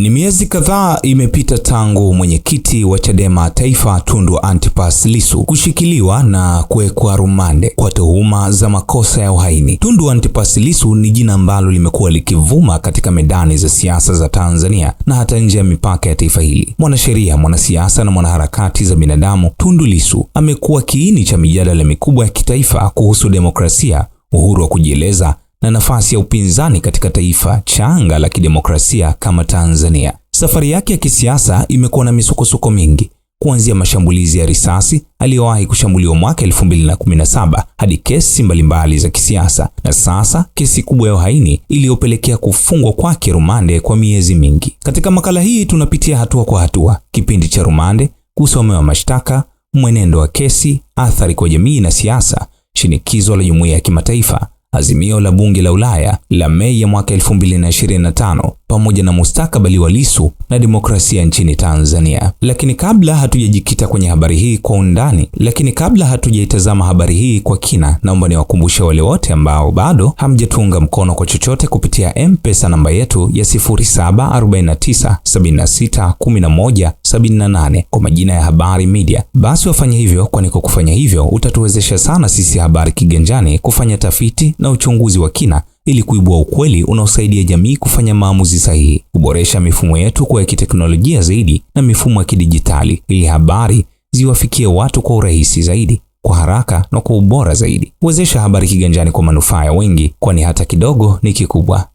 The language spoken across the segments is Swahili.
Ni miezi kadhaa imepita tangu mwenyekiti wa Chadema Taifa Tundu Antipas Lissu kushikiliwa na kuwekwa rumande kwa tuhuma za makosa ya uhaini. Tundu Antipas Lissu ni jina ambalo limekuwa likivuma katika medani za siasa za Tanzania na hata nje ya mipaka ya taifa hili. Mwanasheria, mwanasiasa na mwanaharakati za binadamu, Tundu Lissu amekuwa kiini cha mijadala mikubwa ya kitaifa kuhusu demokrasia, uhuru wa kujieleza na nafasi ya upinzani katika taifa changa la kidemokrasia kama Tanzania. Safari yake ya kisiasa imekuwa na misukosuko mingi, kuanzia mashambulizi ya risasi aliyowahi kushambuliwa mwaka 2017 hadi kesi mbalimbali za kisiasa, na sasa kesi kubwa ya uhaini iliyopelekea kufungwa kwake rumande kwa miezi mingi. Katika makala hii tunapitia hatua kwa hatua kipindi cha rumande, kusomewa mashtaka, mwenendo wa kesi, athari kwa jamii na siasa, shinikizo la jumuiya ya kimataifa azimio la bunge la Ulaya la Mei ya mwaka 2025 pamoja na mustakabali wa Lissu na demokrasia nchini Tanzania. Lakini kabla hatujajikita kwenye habari hii kwa undani, lakini kabla hatujaitazama habari hii kwa kina, naomba niwakumbushe wale wote ambao bado hamjatuunga mkono kwa chochote kupitia M-Pesa namba yetu ya 0749761178 kwa majina ya Habari Media, basi wafanye hivyo, kwani kwa kufanya hivyo utatuwezesha sana sisi Habari Kiganjani kufanya tafiti na uchunguzi wa kina ili kuibua ukweli unaosaidia jamii kufanya maamuzi sahihi, kuboresha mifumo yetu kuwa ya kiteknolojia zaidi na mifumo ya kidijitali, ili habari ziwafikie watu kwa urahisi zaidi, kwa haraka na kwa ubora zaidi. Huwezesha habari kiganjani kwa manufaa ya wengi, kwani hata kidogo ni kikubwa.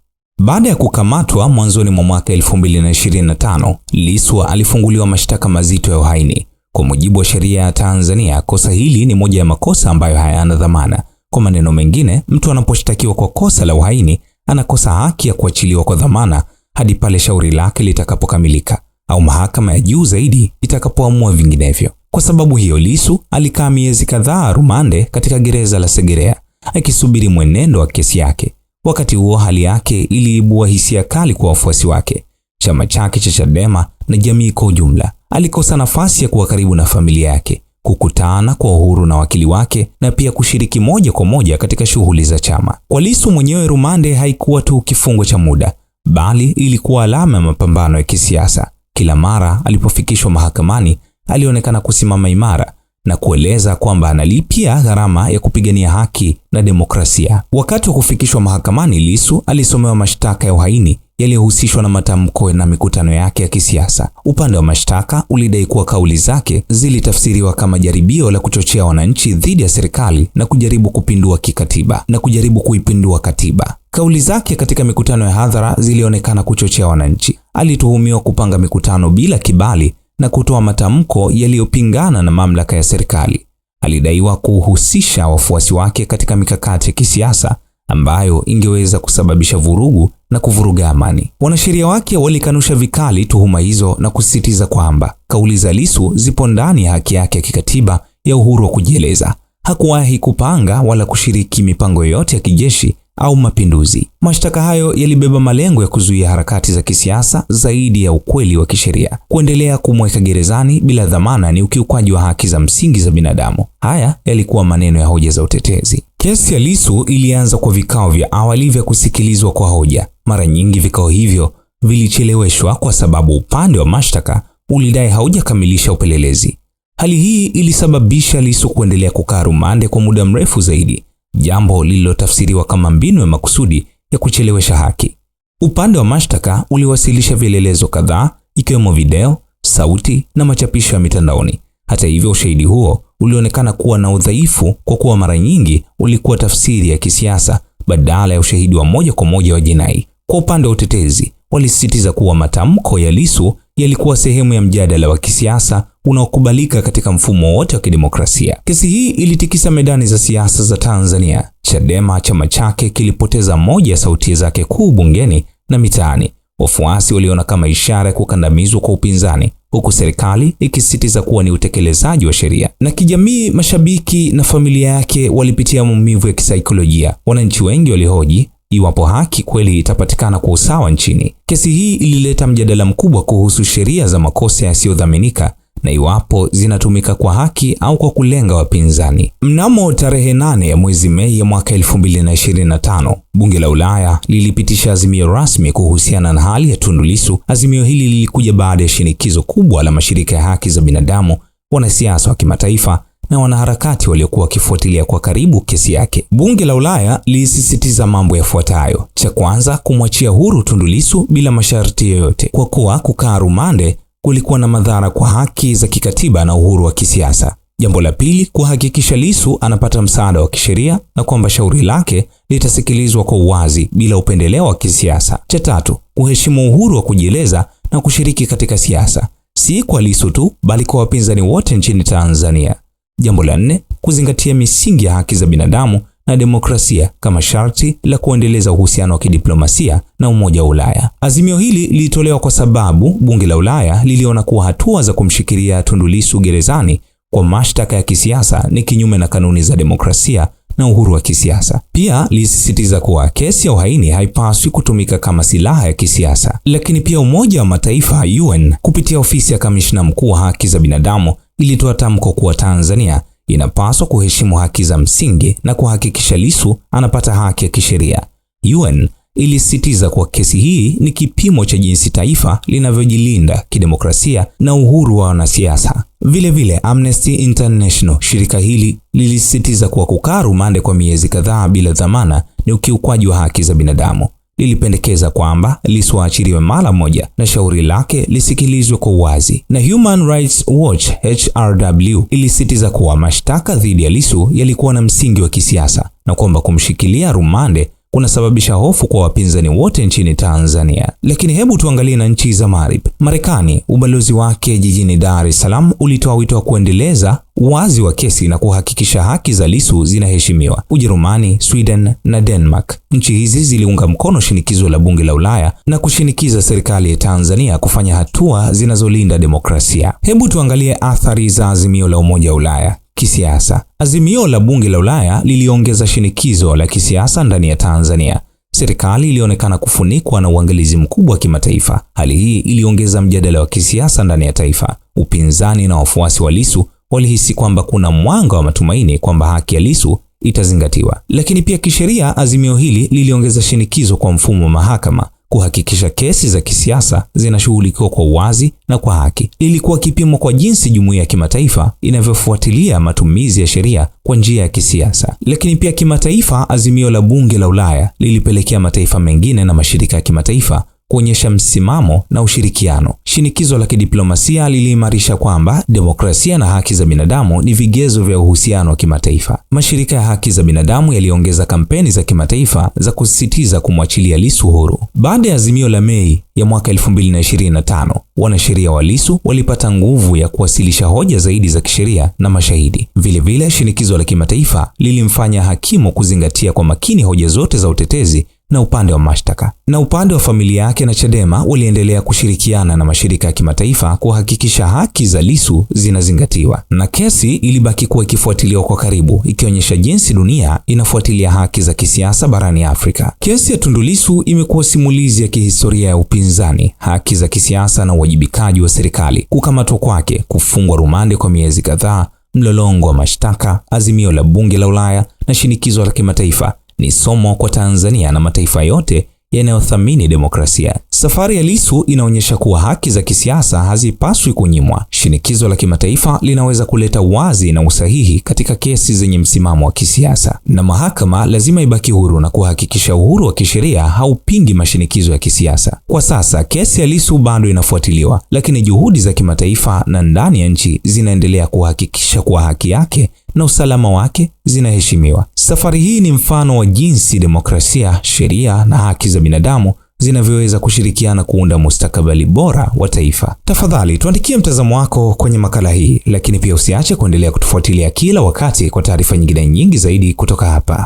Baada ya kukamatwa mwanzoni mwa mwaka 2025, Liswa alifunguliwa mashtaka mazito ya uhaini. Kwa mujibu wa sheria ya Tanzania, kosa hili ni moja ya makosa ambayo hayana dhamana kwa maneno mengine, mtu anaposhtakiwa kwa kosa la uhaini anakosa haki ya kuachiliwa kwa dhamana hadi pale shauri lake litakapokamilika au mahakama ya juu zaidi itakapoamua vinginevyo. Kwa sababu hiyo, Lissu alikaa miezi kadhaa rumande katika gereza la Segerea akisubiri mwenendo wa kesi yake. Wakati huo, hali yake iliibua hisia kali kwa wafuasi wake, chama chake cha Chadema na jamii kwa ujumla. Alikosa nafasi ya kuwa karibu na familia yake, kukutana kwa uhuru na wakili wake na pia kushiriki moja kwa moja katika shughuli za chama. Kwa Lissu mwenyewe, rumande haikuwa tu kifungo cha muda, bali ilikuwa alama ya mapambano ya kisiasa. Kila mara alipofikishwa mahakamani, alionekana kusimama imara na kueleza kwamba analipia gharama ya kupigania haki na demokrasia. Wakati wa kufikishwa mahakamani, Lissu alisomewa mashtaka ya uhaini, yaliyohusishwa na matamko na mikutano yake ya kisiasa. Upande wa mashtaka ulidai kuwa kauli zake zilitafsiriwa kama jaribio la kuchochea wananchi dhidi ya serikali na kujaribu kupindua kikatiba na kujaribu kuipindua katiba. Kauli zake katika mikutano ya hadhara zilionekana kuchochea wananchi. Alituhumiwa kupanga mikutano bila kibali na kutoa matamko yaliyopingana na mamlaka ya serikali. Alidaiwa kuhusisha wafuasi wake katika mikakati ya kisiasa ambayo ingeweza kusababisha vurugu na kuvuruga amani. Wanasheria wake walikanusha vikali tuhuma hizo na kusisitiza kwamba kauli za Lissu zipo ndani ya haki yake ya kikatiba ya uhuru wa kujieleza. Hakuwahi kupanga wala kushiriki mipango yoyote ya kijeshi au mapinduzi. Mashtaka hayo yalibeba malengo ya kuzuia harakati za kisiasa zaidi ya ukweli wa kisheria. Kuendelea kumweka gerezani bila dhamana ni ukiukwaji wa haki za msingi za binadamu. Haya yalikuwa maneno ya hoja za utetezi. Kesi ya Lissu ilianza kwa vikao vya awali vya kusikilizwa kwa hoja. Mara nyingi vikao hivyo vilicheleweshwa kwa sababu upande wa mashtaka ulidai haujakamilisha upelelezi. Hali hii ilisababisha Lissu kuendelea kukaa rumande kwa muda mrefu zaidi, jambo lililotafsiriwa kama mbinu ya makusudi ya kuchelewesha haki. Upande wa mashtaka uliwasilisha vielelezo kadhaa, ikiwemo video, sauti na machapisho ya mitandaoni. Hata hivyo, ushahidi huo ulionekana kuwa na udhaifu kwa kuwa mara nyingi ulikuwa tafsiri ya kisiasa badala ya ushahidi wa moja kwa moja wa jinai. Kwa upande wa utetezi, walisisitiza kuwa matamko ya Lissu yalikuwa sehemu ya mjadala wa kisiasa unaokubalika katika mfumo wote wa kidemokrasia. Kesi hii ilitikisa medani za siasa za Tanzania. Chadema chama chake kilipoteza moja ya sauti zake kuu bungeni na mitaani. Wafuasi waliona kama ishara ya kukandamizwa kwa upinzani huku serikali ikisisitiza kuwa ni utekelezaji wa sheria. Na kijamii, mashabiki na familia yake walipitia maumivu ya kisaikolojia. Wananchi wengi walihoji iwapo haki kweli itapatikana kwa usawa nchini. Kesi hii ilileta mjadala mkubwa kuhusu sheria za makosa yasiyodhaminika na iwapo zinatumika kwa haki au kwa kulenga wapinzani. Mnamo tarehe 8 ya mwezi Mei ya mwaka 2025, bunge la Ulaya lilipitisha azimio rasmi kuhusiana na hali ya Tundu Lissu. Azimio hili lilikuja baada ya shinikizo kubwa la mashirika ya haki za binadamu, wanasiasa wa kimataifa na wanaharakati waliokuwa wakifuatilia kwa karibu kesi yake. Bunge la Ulaya lilisisitiza mambo yafuatayo: cha kwanza, kumwachia huru Tundu Lissu bila masharti yoyote, kwa kuwa kukaa rumande kulikuwa na madhara kwa haki za kikatiba na uhuru wa kisiasa. Jambo la pili, kuhakikisha lisu anapata msaada wa kisheria na kwamba shauri lake litasikilizwa kwa uwazi bila upendeleo wa kisiasa. Cha tatu, kuheshimu uhuru wa kujieleza na kushiriki katika siasa, si kwa lisu tu bali kwa wapinzani wote nchini Tanzania. Jambo la nne, kuzingatia misingi ya haki za binadamu na demokrasia kama sharti la kuendeleza uhusiano wa kidiplomasia na Umoja wa Ulaya. Azimio hili lilitolewa kwa sababu bunge la Ulaya liliona kuwa hatua za kumshikilia Tundu Lissu gerezani kwa mashtaka ya kisiasa ni kinyume na kanuni za demokrasia na uhuru wa kisiasa. Pia lilisisitiza kuwa kesi ya uhaini haipaswi kutumika kama silaha ya kisiasa. Lakini pia Umoja wa Mataifa UN kupitia ofisi ya kamishna mkuu wa haki za binadamu ilitoa tamko kuwa Tanzania inapaswa kuheshimu haki za msingi na kuhakikisha Lissu anapata haki ya kisheria. UN ilisisitiza kuwa kesi hii ni kipimo cha jinsi taifa linavyojilinda kidemokrasia na uhuru wa wanasiasa. Vilevile, Amnesty International, shirika hili lilisisitiza kuwa kukaa rumande kwa miezi kadhaa bila dhamana ni ukiukwaji wa haki za binadamu lilipendekeza kwamba Lissu aachiliwe mara moja na shauri lake lisikilizwe kwa uwazi, na Human Rights Watch HRW ilisitiza kuwa mashtaka dhidi ya Lissu yalikuwa na msingi wa kisiasa na kwamba kumshikilia rumande kunasababisha hofu kwa wapinzani wote nchini Tanzania. Lakini hebu tuangalie na nchi za marib Marekani, ubalozi wake jijini Dar es Salaam ulitoa wito wa kuendeleza uwazi wa kesi na kuhakikisha haki za lisu zinaheshimiwa. Ujerumani, Sweden na Denmark, nchi hizi ziliunga mkono shinikizo la bunge la Ulaya na kushinikiza serikali ya Tanzania kufanya hatua zinazolinda demokrasia. Hebu tuangalie athari za azimio la Umoja wa Ulaya. Kisiasa, azimio la bunge la Ulaya liliongeza shinikizo la kisiasa ndani ya Tanzania. Serikali ilionekana kufunikwa na uangalizi mkubwa wa kimataifa. Hali hii iliongeza mjadala wa kisiasa ndani ya taifa. Upinzani na wafuasi wa lisu walihisi kwamba kuna mwanga wa matumaini kwamba haki ya lisu itazingatiwa. Lakini pia kisheria, azimio hili liliongeza shinikizo kwa mfumo wa mahakama kuhakikisha kesi za kisiasa zinashughulikiwa kwa uwazi na kwa haki. Ilikuwa kipimo kwa jinsi jumuiya ya kimataifa inavyofuatilia matumizi ya sheria kwa njia ya kisiasa. Lakini pia kimataifa, azimio la bunge la Ulaya lilipelekea mataifa mengine na mashirika ya kimataifa kuonyesha msimamo na ushirikiano. Shinikizo la kidiplomasia liliimarisha kwamba demokrasia na haki za binadamu ni vigezo vya uhusiano wa kimataifa. Mashirika ya haki za binadamu yaliongeza kampeni za kimataifa za kusisitiza kumwachilia Lissu huru. Baada ya azimio la Mei ya mwaka 2025, wanasheria wa Lissu walipata nguvu ya kuwasilisha hoja zaidi za kisheria na mashahidi. Vilevile, shinikizo la kimataifa lilimfanya hakimu kuzingatia kwa makini hoja zote za utetezi na upande wa mashtaka. Na upande wa familia yake na Chadema waliendelea kushirikiana na mashirika ya kimataifa kuhakikisha haki za lisu zinazingatiwa, na kesi ilibaki kuwa ikifuatiliwa kwa karibu, ikionyesha jinsi dunia inafuatilia haki za kisiasa barani Afrika. Kesi ya Tundu lisu imekuwa simulizi ya kihistoria ya upinzani, haki za kisiasa na uwajibikaji wa serikali. Kukamatwa kwake, kufungwa rumande kwa miezi kadhaa, mlolongo wa mashtaka, azimio la bunge la Ulaya na shinikizo la kimataifa ni somo kwa Tanzania na mataifa yote yanayothamini demokrasia. Safari ya Lissu inaonyesha kuwa haki za kisiasa hazipaswi kunyimwa. Shinikizo la kimataifa linaweza kuleta wazi na usahihi katika kesi zenye msimamo wa kisiasa, na mahakama lazima ibaki huru na kuhakikisha uhuru wa kisheria haupingi mashinikizo ya kisiasa. Kwa sasa, kesi ya Lissu bado inafuatiliwa, lakini juhudi za kimataifa na ndani ya nchi zinaendelea kuhakikisha kuwa haki yake na usalama wake zinaheshimiwa. Safari hii ni mfano wa jinsi demokrasia, sheria na haki za binadamu zinavyoweza kushirikiana kuunda mustakabali bora wa taifa. Tafadhali tuandikie mtazamo wako kwenye makala hii, lakini pia usiache kuendelea kutufuatilia kila wakati kwa taarifa nyingine nyingi zaidi kutoka hapa.